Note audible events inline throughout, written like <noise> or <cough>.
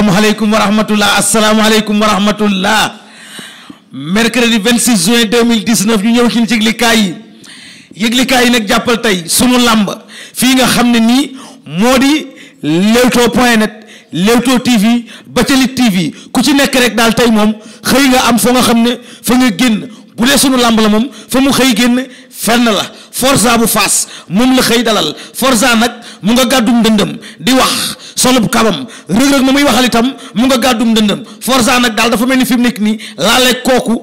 asalaamualeykum wa rahmatullah asalaamualeykum wa rahmatullah mercredi 26 juin 2019 ñu ñëw ci yëglikaay yi yëglikaay yi nag jàppal tey sunu làmb fii nga xam ne nii moo di leewtoo point net leewtoo tv ba ca lit tv ku ci nekk rek daal tey moom xëy nga am foo nga xam ne fa nga génn bu dee suñu làmb la moom fa mu xëy génn fenn la Forza bu Fass moom la xëy dalal Forza nag mu nga gàddu ndëndëm di wax solub kabam rëg-rëg ma muy waxal itam mu nga gàddum ndëndëm Forza nag daal dafa mel ni fi mu nekk nii laale kooku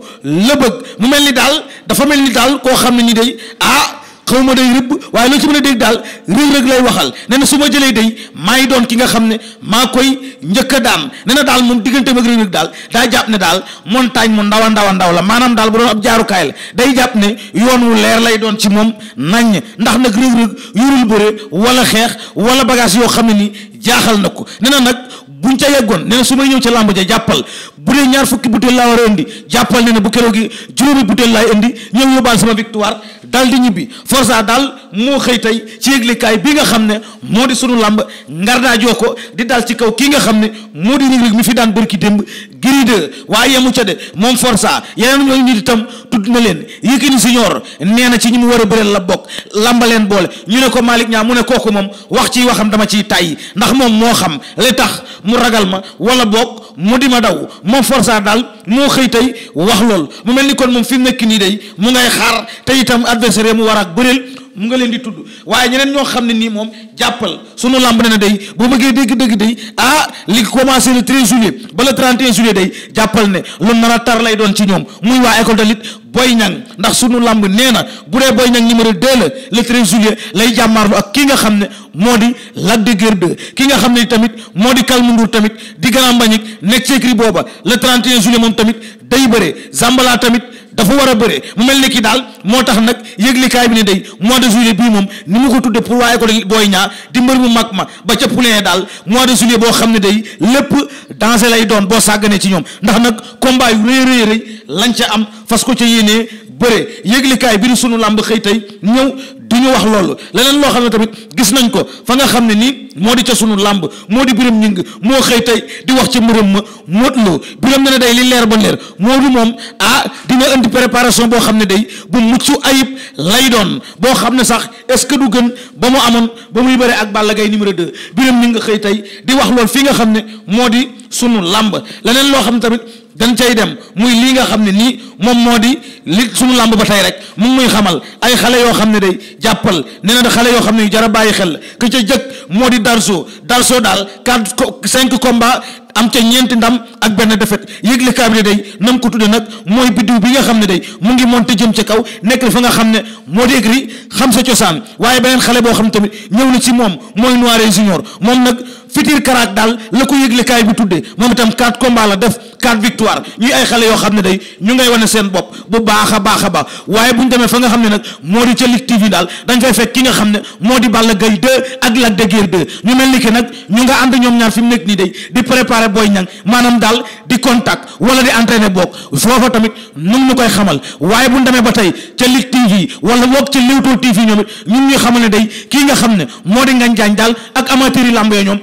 la bëgg mu mel ni daal dafa mel ni daal koo xam ne ni day ah xaw ma day rëbb waaye loo ci mën a dégg daal Reug Reug lay waxal nee na su ma jëlee day maa ngi doon ki nga xam ne maa koy njëkk a daan nee daal moom diggante ak Reug Reug daal daa jàpp ne daal montagne mu ndaw a ndaw ndaw la maanaam daal bu doon ab jaarukaay la day jàpp ne yoon wu leer lay doon ci moom naññ ndax nag Reug Reug yorul bëre wala xeex wala bagage yoo xam ne ni jaaxal na ko nee na nag buñ ca yeggoon nee su may ñëw ca làmb ja jàppal bu dee ñaar fukki butéel laa war a indi jàppal ne ne bu keroog gi juróomi butéel laay indi ñëw yóbbaal sama victoire dal di ñibbi forsa daal moo xëy tey ci yëglekaay bi nga xam ne moo di sunu làmb ngardaajoo ko di dal ci kaw kii nga xam ne moo di Reug Reug fi daan bërki démb Gris 2 waaye yemu ca de moom forsa yeneen ñooñu nit itam tudd na leen Yékini Senior nee na ci ñi mu war a bëreel la bokk lamba leen boole ñu ne ko Malick ñaa mu ne kooku moom wax ci waxam dama ciy tàyyi ndax moom moo xam li tax mu ragal ma wala bokk mu di ma daw moom forçat daal moo xëy tey wax lool mu mel ni kon moom fi mu nekk nii day mu ngay xaar te itam adversaire mu war ak bëreel mu nga leen di tudd waaye ñeneen ñoo xam ne nii moom jàppal sunu làmb ne na day boo bëggee dégg-dégg day ah li commencé le 13 juillet ba le 31 juillet day jàppal ne lu nar a tar lay doon ci ñoom muy waa école de lutte Boy Niang ndax sunu làmb nee na bu dee Boy Niang numéro 2 la le 13 juillet lay jàmmaarlu ak ki nga xam ne moo di la de Guiers ki nga xam ne tamit moo di Kalmundur tamit di Grand Mbagnick nekk ci écrit booba le 31 juillet moom tamit day bëre Zambala tamit. dafa war a bëre mu mel ni kii daal moo tax nag yëglikaay bi ne day mois de juillet bii moom ni mu ko tudde pour waaye ko booy ñaar di mbër mu mag ma ba ca poulain daal mois de juillet boo xam ne day lépp danger lay doon boo sàggane ci ñoom ndax nag combat yu rëy rëy rëy lañ ca am fas ko ca yéenee bëre yëglikaay bi di sunu làmb xëy tey ñëw du ñu wax loolu leneen loo xam ne tamit gis nañ ko fa nga xam ne nii moo di ca sunu làmb moo di biram ñing moo xëy tey di wax ci mbërëm ma Modou Lo biram ne na li leer ba leer moo du moom ah dina indi préparation boo xam ne day bu mucc ayib lay doon boo xam ne sax est-ce que du gën ba mu amoon ba muy bëre ak Balla Gaye numéro 2 biram ñing xëy tey di wax loolu fi nga xam ne moo di sunu làmb leneen loo xam ne tamit dañ cay dem muy lii nga xam ne nii moom moo di li suñu làmb ba tey rek mu muy xamal ay xale yoo xam ne day jàppal nee na da xale yoo xam ne yu jar a bàyyi xel ka ca jëkk moo di darso darso daal quatre cinq combat am ca ñeenti ndam ak benn defet yëgle kaabri day nam ko tudde nag mooy biddiw bi nga xam ne day mu ngi monte jëm ca kaw nekk fa nga xam ne moo di écrit xam sa cosaan waaye beneen xale boo xam tamit ñëw na ci moom mooy Noiré junior moom nag fitir karaak daal la ko yëgle kaay bi tudde moom itam quatre combats la def quatre victoire yoo xam ne day ñu ngay wane seen bopp bu baax a baax a baax waaye bu ñu demee fa nga xam ne nag moo di ca Ligue TV daal dañ fay fekk ki nga xam ne moo di Balla Gaye 2 ak Lac de Guiers 2 ñu mel ni que nag ñu nga ànd ñoom ñaar fi mu nekk nii day di préparer Boy Niang maanaam daal di contact wala di entraîner boog foofa tamit nu ñu koy xamal waaye bu ñu demee ba tey ca Ligue TV wala boog ca Leewtoo TV ñoom it ñun ñuy xamal ne day kii nga xam ne moo di Ngagne Diagne daal ak amateur yi làmb ya ñoom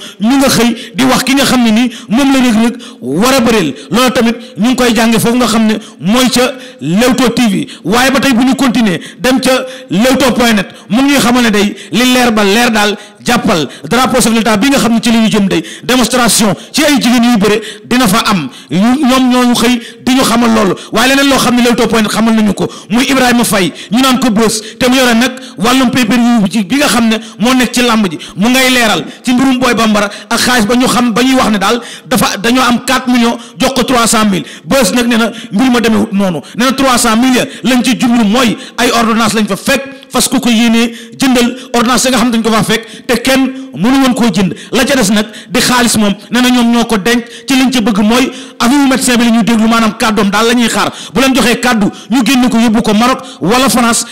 di wax ki nga xam ne nii moom la war a bëreel loolu tamit ñu ngi koy jànge nga xam ne mooy ca Leewtoo TV waaye ba tey bu ñu continuer dem ca Leewtoo point net mu ngi ñuy xamal ne day li leer bal leer daal jàppal drapeau chef bi nga xam ne ci li jëm day démonstration ci ay jigéen yu bëre dina fa am moom ñoo xëy di ñu xamal loolu waaye leneen loo xam ne Leewtoo point xamal nañu ko muy Ibrahima Faye ñu naan ko bës te mu yore nag wàllum pay-per-view ci bi nga xam ne moo nekk ci làmb ji mu ngay leeral ci mbirum Boy Bambara ak xaalis ba ñu xam ba ñuy wax ne daal dafa dañoo am 4 millions jox ko 300000 bës nag nee na mbir ma demewut noonu nee na 300000 ya lañ ci jublu mooy ay ordonnance lañ fa fekk fas ku ko yéenee jëndal ordonnance nga xam dañ ko faa fekk te kenn mënu woon koo jënd la ca des nag di xaalis moom nee na ñoom ñoo ko denc ci liñ ca bëgg mooy am médecin bi la maanaam kàddoom daal la ñuy xaar bu leen joxee kàddu ñu génn ko yóbbu ko Maroc wala France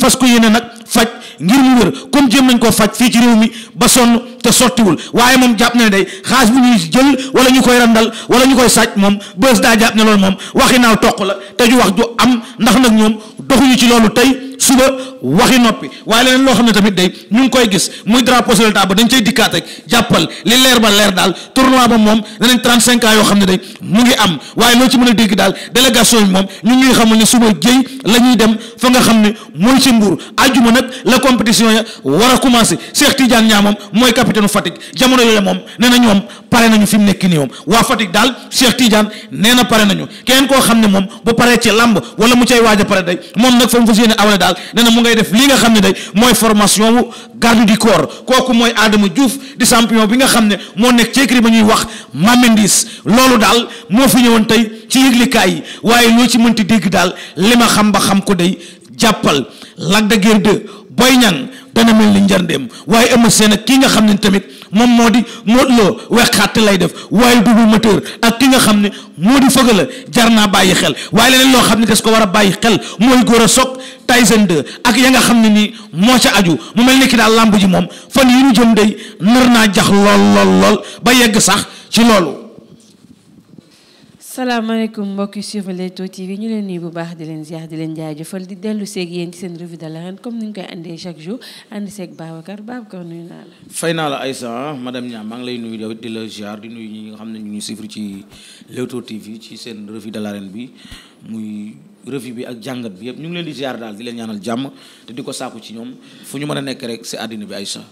fas ko yéene nag faj ngir mu wér jëm nañ koo faj fii ci réew mi ba sonn te sottiwul waaye moom jàpp na ne day xaalis bu ñuy jël wala ñu koy randal wala ñu koy sàcc moom bés daa jàpp ne loolu moom waxi naaw toq la te ju wax ju am ndax nag ñoom doxuñu ci loolu tey suba waxi noppi waaye leneen loo xam ne tamit day ñu ngi koy gis muy drapeau sur la table dañ cay dikkaat rek jàppal li leer ba leer daal tournoi ba moom danañ 35 ans yoo xam ne day mu ngi am waaye loo ci mën a dégg daal délégation bi moom ñu ñuy xamul ne suba jëy la ñuy dem fa nga xam ne mooy ci mbuur àjjuma nag la compétition ya war a commencé Cheikh Tidiane Niang moom mooy capitaine Fatick jamono yooyu moom nee nañu am pare nañu fi nekk nii moom waa Fatick daal Cheikh Tidiane nee na pare nañu keneen koo xam ne moom ba paree ci làmb wala mu cay waaj a pare day moom nag fa mu fas yéene awale daal nee na mu ngay def li nga xam ne day mooy formation wu garde du corps kooku mooy Adama Diouf di champion bi nga xam ne moo nekk ci écrit ba ñuy wax Mamendis loolu daal moo fi ñëwoon tey ci yëglikaay yi waaye loo ci mënti dégg daal li ma xam ba xam ko day jàppal Lac de Guiers 2 Boy Niang dana mel ni njarndeem waaye Eumeu Sène ak nga xam ne tamit moom moo di Modou Lo wexxaat lay def waaye double moteur ak ki nga xam ne moo di la jar naa bàyyi xel waaye leneen loo xam ne des ko war a bàyyi xel mooy góor a soog Tyson 2 ak ya nga xam ne nii moo ca aju mu mel ni ki daal làmb ji moom fan yi ñu jëm day nar naa jax lool lool lool ba yegg sax ci loolu salaamaaleykum mbokk yi suivre Leewtoo TV ñu leen nuyu bu baax di leen ziar di leen jaajëfal di dellu seeg yéen ci seen revue de l'arène comme ni ñu koy andee chaque jour andi seeg Babacar Babacar nuyu naa la. fay naa la Aïssa madame Niang maa ngi lay nuyu yow di la ziar di nuyu ñi nga xam ne ñu ngi suivre ci Leewtoo TV ci seen revie de l'arène bi muy revue bi ak jàngat bi yëpp ñu ngi leen di ziar daal di leen ñaanal jàmm te di ko saaku ci ñoom fu ñu mën a nekk rek si àddina bi Aïssa.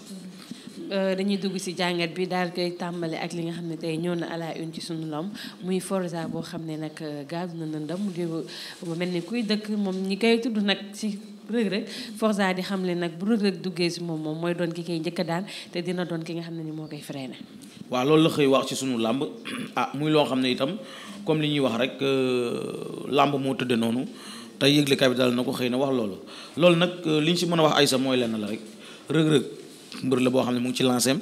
Euh, dañuy dugg ci jàngat bi daal koy tàmbali ak li nga xam ne tey ñëw na à la une ci suñu lom muy Forza boo xam ne nag euh, gaz na ndam mu déglu mu mel ni kuy dëkk moom ñi kay tudd nag ci Reug Reug Forza di xam ne nag bu Reug duggee ci moom moom mooy doon ki njëkk a daan te dina doon ki nga xam ne ni moo koy freiné. waaw loolu la wax ci sunu làmb ah muy loo xam ne itam comme li ñuy wax rek euh, làmb moo tëddee noonu te yëgle capital na ko xëy na wax loolu loolu nag li ñu ci mën a wax ay sa mooy la rek mbër la boo xam ne mu ngi ci lancé am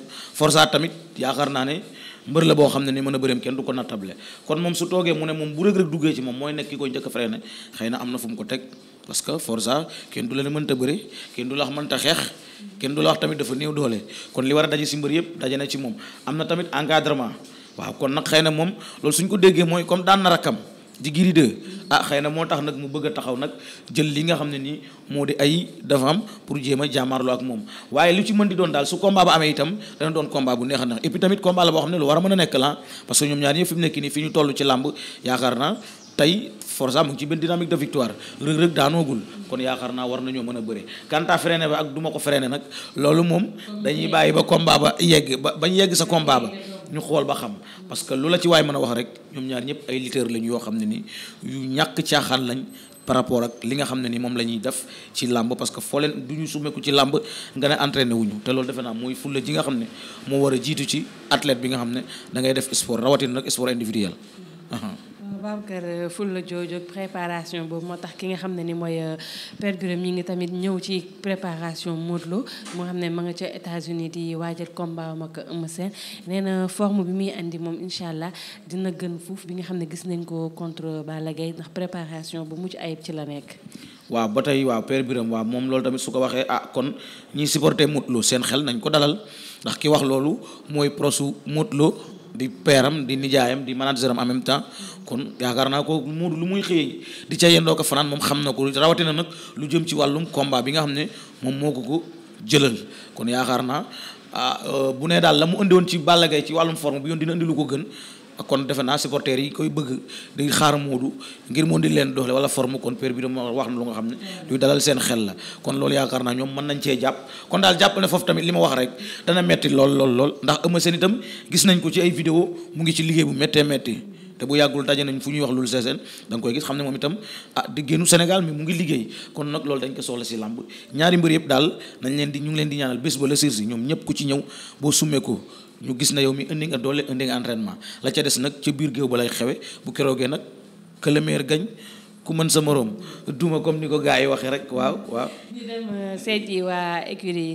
tamit yaakaar naa ne mbër la boo xam ne ni mën a bëreem kenn du ko nattable kon moom su toogee mu ne moom bu Reug Reug duggee ci moom mooy nekk ki ko njëkk a freiné xëy na am na fu mu ko teg parce que kenn du la ne mënta bëre kenn du la wax mënta xeex kenn du la wax tamit dafa néew doole kon li war a daje si mbër yëpp daje na ci moom am na tamit encadrement waaw kon nag xëy na moom loolu suñ ko déggee mooy comme daan na rakkam ci Gris 2 ah xëy na moo tax nag mu bëgg a taxaw nag jël li nga xam ne nii moo di ay dafa am pour jéem a jàmmaarloo ak moom waaye lu ci mën di doon daal su combat ba amee itam dana doon combat bu neex a neex tamit combat boo xam ne lu war a mën a nekk la parce que ñoom ñaar ñëpp fi mu nekk nii fi ñu toll yaakaar naa tey força mu ngi ci benn dynamique de victoire rëg-rëg daanoogul kon yaakaar naa war nañoo mën a bëre kanta freiné ba ak du ma ko freiné nag loolu moom dañuy bàyyi ba combat ba yegg ba bañ yegg sa combat ba ñu xool ba xam parce que lu la ci waay mën a wax rek ñoom ñaar ñëpp ay lutteurs lañ yoo xam ne ni yu ñàkk caaxaan lañ par rapport ak li nga xam ne ni moom la ñuy def ci làmb parce que foo leen du ñu sumeeku ci làmb nga ne entraîné wuñu te loolu defe naa mooy fulla ji nga xam ne moo war a jiitu ci athlète bi nga xam ne da ngay def sport rawatina nag sport individuel. Babacar euh, fulla jooju préparation boobu moo tax ki nga xam ne ni mooy euh, Père Birame ñi ngi tamit ñëw ci préparation Modou Lo moo xam ne ma nga ca États-Unis di waajal combat am ma Eumeu Sène nee na forme bi muy indi moom incha allah dina gën fuuf bi nga xam ne gis nañ ko contre Balla Gaye ndax préparation bu mucc ayib ci la nekk. waaw ba tey waaw Père Birame waaw moom loolu tamit su ko waxee ah kon ñiy supporter Modou Lo seen xel nañ ko dalal ndax ki wax loolu mooy prosu Modou di peeram di nijaayam di manageram en même temps kon yaakaar naa ko mu lu muy xëy di ca yendoo ko fanaan moom xam na ko rawatina nag lu jëm ci wàllum combat bi nga xam ne moom moo ko ko jëlal kon yaakaar naa ah euh, bu ne daal la mu indi woon ci Balla Gaye ci wàllum forme bi yoon dina indi lu ko gën kon defe naa supporters yi koy bëgg di xaar Modou ngir mu di leen doxle wala forme kon père bi dama wax na lu nga xam ne luy dalal seen xel la kon loolu yaakaar naa ñoom mën nañ cee jàpp kon daal jàpp ne foofu tamit li ma wax rek dana metti lool lool lool ndax Eumeu Sène itam gis nañ ko ci ay vidéo mu ngi ci liggéey bu méttee métti te bu yàggul daje nañ fu ñuy wax loolu seeseen da nga koy gis xam ne moom itam ah di génnu Sénégal mi mu ngi liggéey kon nag loolu dañ ko soxla si làmb ñaari mbër yëpp daal nañ leen di ñu ngi leen di ñaanal bés ba la ñoom ñëpp ku ci ñëw boo summee ko ñu gis na yow mi indi nga doole indi nga entraînement la ca des nag ca biir géew ba lay xewe bu keroogee nag que le ku mën sa morom duma comme ni ko gars yi waxee rek waaw waaw. ñu dem euh, waa écurie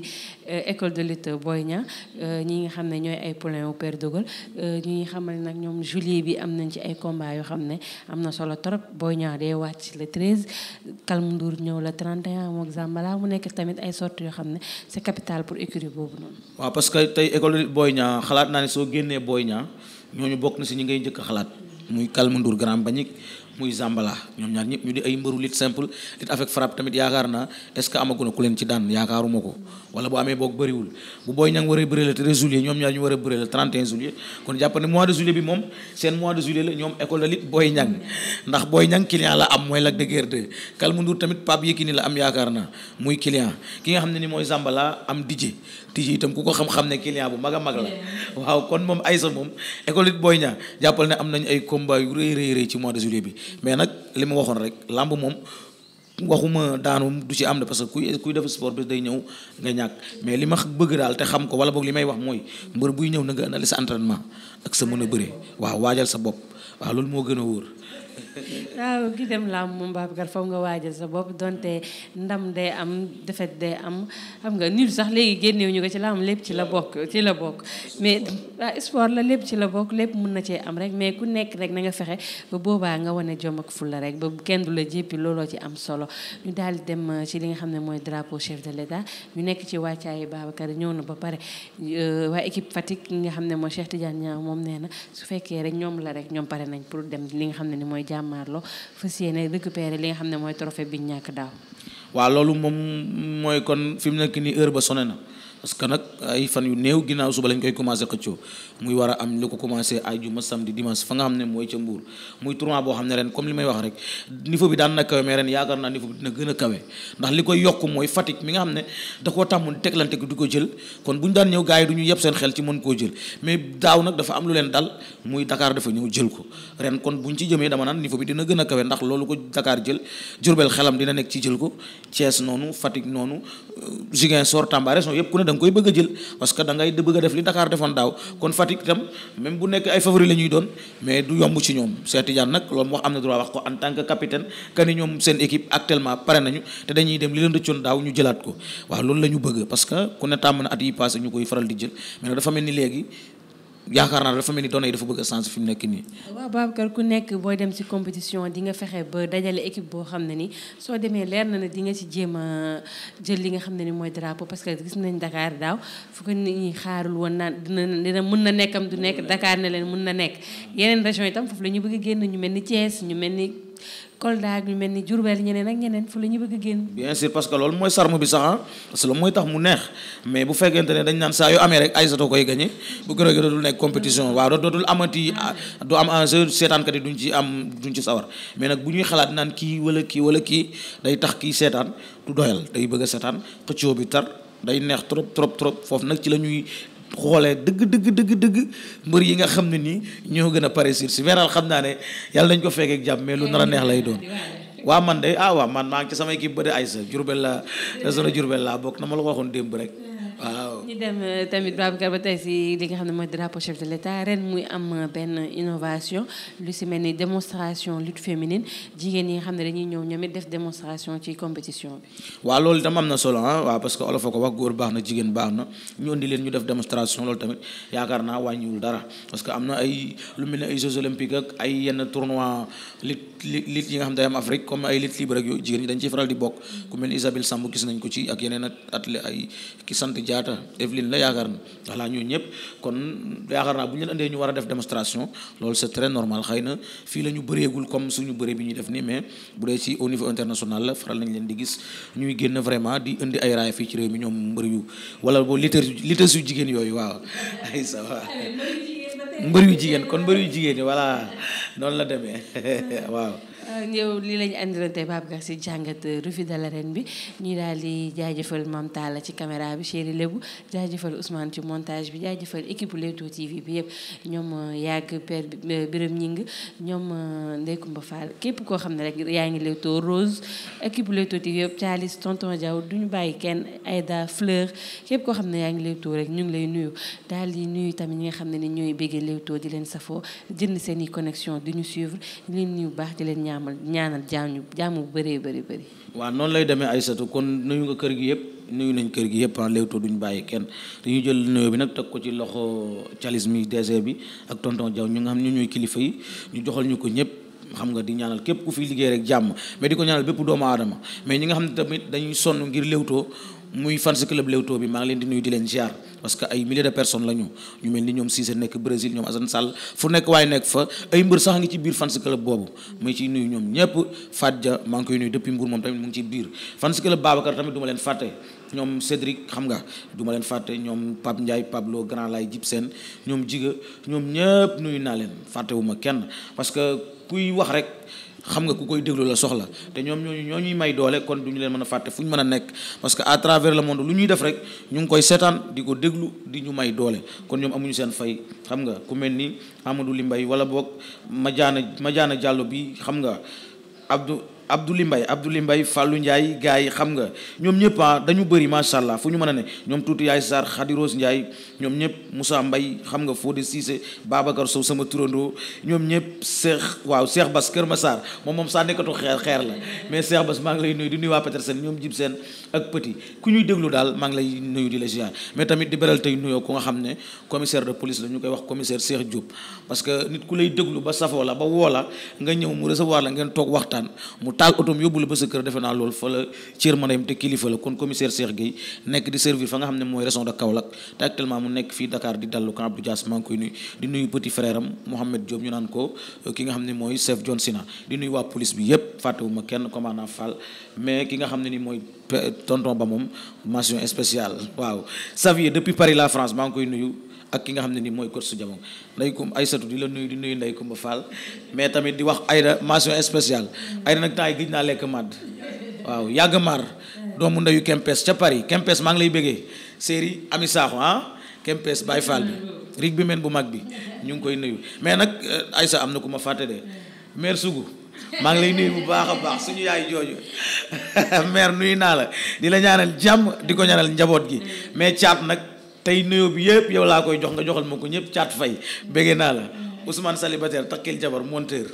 euh, école de lutte Boy Niang euh, ñi nga xam ne ñooy ay poulain au per Dougal ñi nga xam nag ñoom juillet bi am nañ ci ay combat yoo xam ne am na solo trop Boy Niang day wàcc le 13 Kalm Ndour ñëw le 31 mook Zambala mu nekk tamit ay sorties yoo xam ne c'est capitale pour écurie boobu noonu. waaw parce que tey école Boy Niang xalaat naa ne soo génnee Boy Niang ñooñu bokk na si ñu ngay njëkk xalaat muy Zambala ñoom ñaar ñëpp ñu di ay mbëru lit simple lit avec frappe tamit yaakaar naa est ce que amaguna ku leen ci daan yaakaaruma ko wala bu amee boog bëriwul bu booy ñangi war a bëri la 13 juillet ñoom ñaar ñu war a bëri la 31 juillet kon jàpp ne mois de juillet bi moom seen mois de juillet la ñoom école la lit booy ñang ndax booy ñang client la am mooy Lac de Guiers 2 Kalmu Ndour tamit Pape Yekini la am yaakaar naa muy client ki nga xam ne ni mooy Zambala am DJ DJ itam ku ko xam-xam ne client bu mag a mag la waaw kon moom Aïssa moom école lit booy ñang jàppal ne am nañu ay combat yu rëy rëy rëy ci mois de juillet bi mais nag li ma waxoon rek làmb moom waxuma daanu du ci am na parce que kuy kuy def sport bi day ñëw nga ñàkk mais li ma bëgg daal te xam ko wala boog li may wax mooy mbër buy ñëw na nga indi sa entraînement ak sa mën a bëre waaw waajal sa bopp waaw loolu moo gën a wóor. waaw gi dem làmb moom Babacar foog nga waajal sa bopp donte ndam day am defet day am xam nga nil sax léegi génnewu ñu ko ci làmb lépp ci la bokk ci la bokk mais waa la lépp ci la bokk lépp mun na cee am rek mais ku nekk rek na nga fexe ba boobaa nga wane jom ak fulla rek ba kenn du la jéppi looloo ci am solo ñu daal dem euh, ci li nga xam ne mooy drapeau chef de l'état ñu nekk ci wàccaayi Babacar ñëw na ba pare euh, waa équipe Fatick nga xam ne mooy Cheikh Tidiane Niang moom nee na su fekkee rek ñoom la rek ñoom pare nañ pour dem li nga xam ne ni mooy jàmmaarloo fas yéene récupérer li nga xam ne mooy trophée bi ñu ñàkk daaw. waaw loolu moom mooy kon fi mu nekk nii heure ba sonné na. parce que nag ay fan yu néew ginnaaw suba lañ koy commencé xëccoo muy war a am lu ko commencé ajuma samedi dimanche fa nga xam ne mooy ca Mbour muy tournoi boo xam ne ren comme li may wax rek niveau bi daan na kawe mais ren yaakaar naa niveau bi dina gën a kawe ndax li koy yokk mooy Fatick mi nga xam ne da koo tàmmoon teglante du ko jël kon bu ñu daan ñëw gars yi du ñu yeb seen xel ci mën koo jël mais daaw nag dafa am lu leen dal muy Dakar dafa ñëw jël ko ren kon bu ñu ci jëmee dama naan niveau bi dina gën a kawe loolu ko Dakar jël Diourbel xelam dina nekk ci jël ko Thiès noonu Fatick noonu euh, Ziguinchor Tamba région yëpp ne da nga koy bëgg a jël parce que da ngay bëgg a def li Dakar defoon daaw kon Fatick itam même bu nekk ay favori la doon mais du yomb ci ñoom Cheikh Tidiane nag loolu mu wax am na droit wax ko en tant que capitaine que ni ñoom seen équipe actuellement pare nañu te dañuy dem li leen rëccoon daaw ñu jëlaat ko waaw loolu la ñu bëgg parce que ku ne tàmm na at yi passé ñu koy faral di jël mais nag dafa mel ni léegi yaakaar naa dafa mel ni doon yi dafa bëgg sens fi nekk nii. waaw Babacar ku nekk booy dem ci compétition di nga fexe ba dajale équipe boo xam ne ni soo demee leer na ne di nga ci jéem a jël li nga xam ne ni mooy drapeau parce que gis nañ dakaar daaw fu ko nit ñi xaarul woon naan dina dina mën na nekkam du nekk Dakar ne leen mën na nekk yeneen région itam foofu la ñu bëgg génn ñu mel ni Thiès ñu mel ni. Kolda ak ñu mel ni Diourbel ñeneen ak ñeneen fu la ñu bëgg a génn. bien sûr parce que loolu mooy sarme bi sax ah parce que loolu mooy tax mu neex mais bu fekkente ne dañ naan saa yoo amee rek Aïssatou koy gagné bu gën a gën nekk compétition waaw dootul amati ah, du am enjeu seetaankat yi duñ ci am duñ ci sawar mais nag bu ñuy xalaat naan kii wala kii wala kii day tax kii seetaan du doyal day bëgg a seetaan xëccoo bi tar. day neex trop trop trop foofu nag ci la ñuy xoolee dëgg dëgg dëgg dëgg mbër yi nga xam ne nii ñoo gën a pare sur si weeral xam naa ne yàlla nañ ko fekkee ak jàmm lu nar a neex lay doon waa man de ah waaw man maa ngi ci sama équipe ba de Aïssa Diourbel la zone Diourbel laa bokk na ma la ko waxoon démb rek waaw ñu dem euh, tamit Babacar ba tey si li nga xam ne mooy drapeau chef de l'État ren muy am euh, benn innovation lu si mel ni démonstration lutte féminine jigéen ñi nga xam ne dañuy ñëw ñoom it def démonstration ci compétition bi. lool loolu tam am na solo ah waaw parce que olof a ko wax góor baax na jigéen baax na ñu indi leen ñu def démonstration lool tamit yaakaar naa wàññiwul dara parce que am na ay lu mel ne ay Jeux olympiques ak ay yenn tournoi lutte lutte yi nga xam ne day comme ay lutte libre ak yooyu jigéen ñi bokk ku mel ni Isabelle Samb gis ko ci ak yeneen athlètes ay ki sant jaata Evelyne la yaakaar na laa ñoo ñëpp kon yaakaar naa bu ñu leen andee ñu war a def démonstration lool c'est très normal xëy na fii la ñu bëreegul comme suñu bëree bi ñuy def nii mais bu dee ci au niveau international la faral nañ leen di gis ñuy génn vraiment di indi ay raay fii ci réew mi ñoom mbër yu wala boo litteurs yu litteurs jigéen yooyu waaw <laughs> ay mbër yu jigéen kon mbër yu jigéen yi voilà noonu la demee <laughs> waaw. yow euh, lii lañu andiloon tey Babacar si jàngat euh, revue de l'arène bi ñuy daal di jaajëfal Mame Talla ci caméra bi Chéri Lébu jaajëfal Ousmane ci montage bi jaajëfal équipe Leewtoo TV bi yëpp ñoom euh, yàgg père Birame Ñing ñoom Ndeye Koumba Fall képp koo xam ne rek yaa ngi Leewtoo Rose équipe Leewtoo TV yëpp Thialis tonton Diaw duñu bàyyi kenn Aïda Fleur képp koo xam ne yaa ngi Leewtoo rek ñu ngi lay nuyu daal di nuyu tamit ñi nga xam ne ni ñooy béggee Leewtoo di leen safoo jënd seen i connexion di ñu suivre ñu leen nuyu baax di leen ñaamal ñaanal jaamu jaamu bëree bëri bëri. waaw noonu lay demee Aïssatou kon nuyu nga kër gi yëpp nuyu nañ kër gi yëpp ah Leewtoo duñu bàyyi kenn dañuy jël nuyoo bi nag teg ko ci loxo calis mi DG bi ak tonton Diaw ñu nga xam ñu ñuy kilifa yi ñu joxal ñu ko ñëpp. xam nga di ñaanal képp ku fi liggéey rek jàmm mais di ko ñaanal bépp doomu aadama mais ñi nga xam ne tamit dañuy sonn ngir Leewtoo muy fans club Leewtoo bi maa ngi leen di nuyu di leen ziar parce que ay milliers de personnes la ñu ñu mel ni ñoom Cissé nekk Brésil ñoom Assane Sall fu nekk waaye nekk fa ay mbër sax ngi ci biir fans club boobu muy ci nuyu ñoom ñëpp Fadja maa ngi koy nuyu depuis Mbour moom tamit mu ngi ci biir fans club tamit du leen fàtte ñoom Cédric xam nga du ma leen fàtte ñoom Pape Ndiaye Pablo Grand Lay Jib ñoom Jiga ñoom ñëpp nuyu naa leen fàttewuma kenn parce que kuy wax rek xam nga ku koy déglu la soxla te ñoom ñoo ñu ñoo ñuy may doole kon du ñu leen mën a fàtte fu ñu mën a nekk parce que à travers le monde lu ñuy def rek ñu ngi koy seetaan di ko déglu di ñu may doole kon ñoom amuñu seen fay xam nga ku mel nii amadul Amadou mbay wala boog majaana Madiana Diallo bi xam nga Abdou Abdoulaye Mbaye Abdoulaye mbay Fallou Ndiaye gars yi xam nga ñoom ñëpp ah, dañu bëri macha allah fu ñu mën a ne ñoom tuuti yaay Sarr Khady Rose ñoom ñëpp musa Mbaye xam nga Fodé Cissé Babacar Sow sama turandoo ñoom ñëpp Cheikh waaw Cheikh Bass Kër Massar moom moom saa nekkatu xeer xeer la mais Cheikh Bass maa ngi lay nuyu di nuyu waa Petersen ñoom jib seen ak petit ku ñuy déglu daal maa ngi lay nuyu di la ziar mais tamit di beral tey nuyoo ku nga xam ne commissaire de police la ñu koy wax commissaire Cheikh Diop parce que nit lay déglu ba safoo la ba woo la nga ñëw mu recevoir la ngeen toog waxtaan taal otom yóbbu la ba sa kër defe naa loolu fa la cër mën a yem te kilifa la kon commissaire Cheikh Gueye nekk di servir fa nga xam ne mooy région de Kaolack te actuellement mu nekk fii Dakar di dallu camp Abdou Dias maa ngi koy nuyu di nuyu petit frère am Mouhamed ñu naan ko euh, ki nga xam ne mooy chef John Sina di nuyu waa police bi yépp fàttewuma kenn commandant Fall mais ki nga xam ne ni mooy tonton ba moom mention spéciale waaw Xavier depuis Paris ak ki nga xam ne nii mooy coach su jamono nday kum Aysatu di la nuyu di nuyu nday kumba Fall mais tamit di wax Ayda mention spéciale Ayda nag temps yi gis naa lekk màdd waaw yàgg maar doomu ndeyu Kempes ca Paris Kempes maa ngi lay bëggee séeri Ami Sakho ah Kempes Baye Fall bi rig bi men bu mag bi ñu ngi koy nuyu mais nag euh, Aysa am na ku ma fàtte de mère Sougou maa ngi lay nuyu bu baax a baax suñu yaay jooju <laughs> mère nuyu naa la di la ñaanal jàmm di ko ñaanal njaboot gi mais tey nuyoo bi yëpp yow laa koy jox nga joxal ma ko ñëpp caat fay béggee naa la Ousmane célibataire takkil jabar monteur